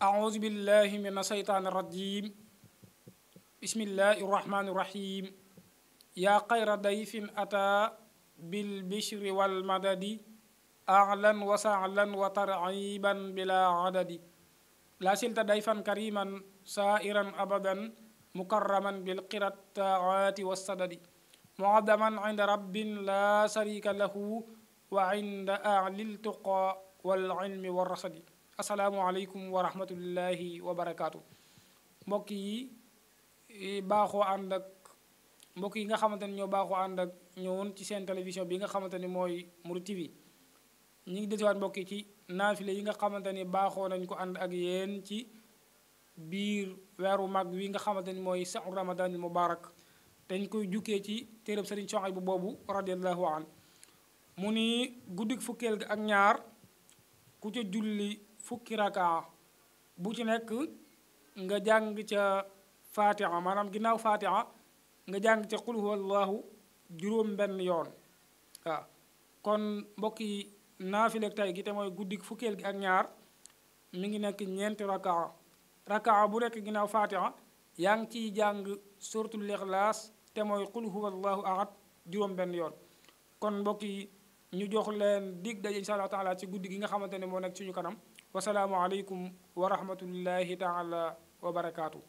أعوذ بالله من الشيطان الرجيم بسم الله الرحمن الرحيم يا خير ضيف أتى بالبشر والمدد أعلا وسعلا وترعيبا بلا عدد لا سلت ضيفا كريما سائرا أبدا مكرما التاعات والسدد معظما عند رب لا شريك له وعند أعلى التقى والعلم والرصد Assalamualaikum warahmatullahi warahmatullahi wabarakatuh mbokk yi baaxoo ànd ak mbokk yi nga xamanteni ni ñoo baaxoo ànd ak ñëwoon ci seen télévision bi nga xamanteni moy muru TV ñi ngi desiwaat mbokk ci naafile yi nga xamanteni ni nañ ko and ak yeen ci biir wéru mag wi nga xamanteni moy mooy ramadan ramadanil mubarak dañ koy jukkee ci téréb serigne Soxay bu bobu radiyallahu an Muni guddik fukel ak ñaar ku ca julli fukki rakaa bu ci nekk nga jàng ca fatiha maanaam ginnaaw fatiha nga jàng ca qul huwa allahu juróom benn yoon waaw kon mbokk yi naafileeg tey gi te mooy guddi fukkeel gi ak ñaar mu ngi nekk ñeenti rakaa rakaa bu rekk ginnaaw fatiha yaa ngi ciy jàng suratul ixlaas te mooy qul huwa allahu juróom benn yoon kon mbokk ñu jox leen dig daje incha allah taala ci guddi gi nga xamante ne moo nekk suñu kanam wasalaamualeykum wa rahmatullahi taala wa barakaatu.